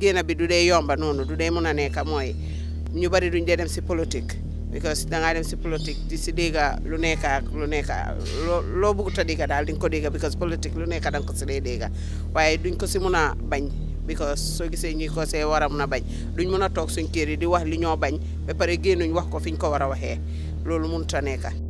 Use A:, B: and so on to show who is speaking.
A: gena bi dude yomba nonu dude muna ne kamoy ñu bari duñ dem ci politique because da nga dem ci politique di ci dega lu neka ak lu neka lo bu ta dega dal di ko dega because politique lu neka dang ko ci dega waye duñ ko ci muna bañ because so gisee ñuy ko sey waram na bañ duñ muna tok suñu keri di wax li ñoo bañ ba pare gennuñ wax ko fiñ ko wara waxe lolu mun ta neka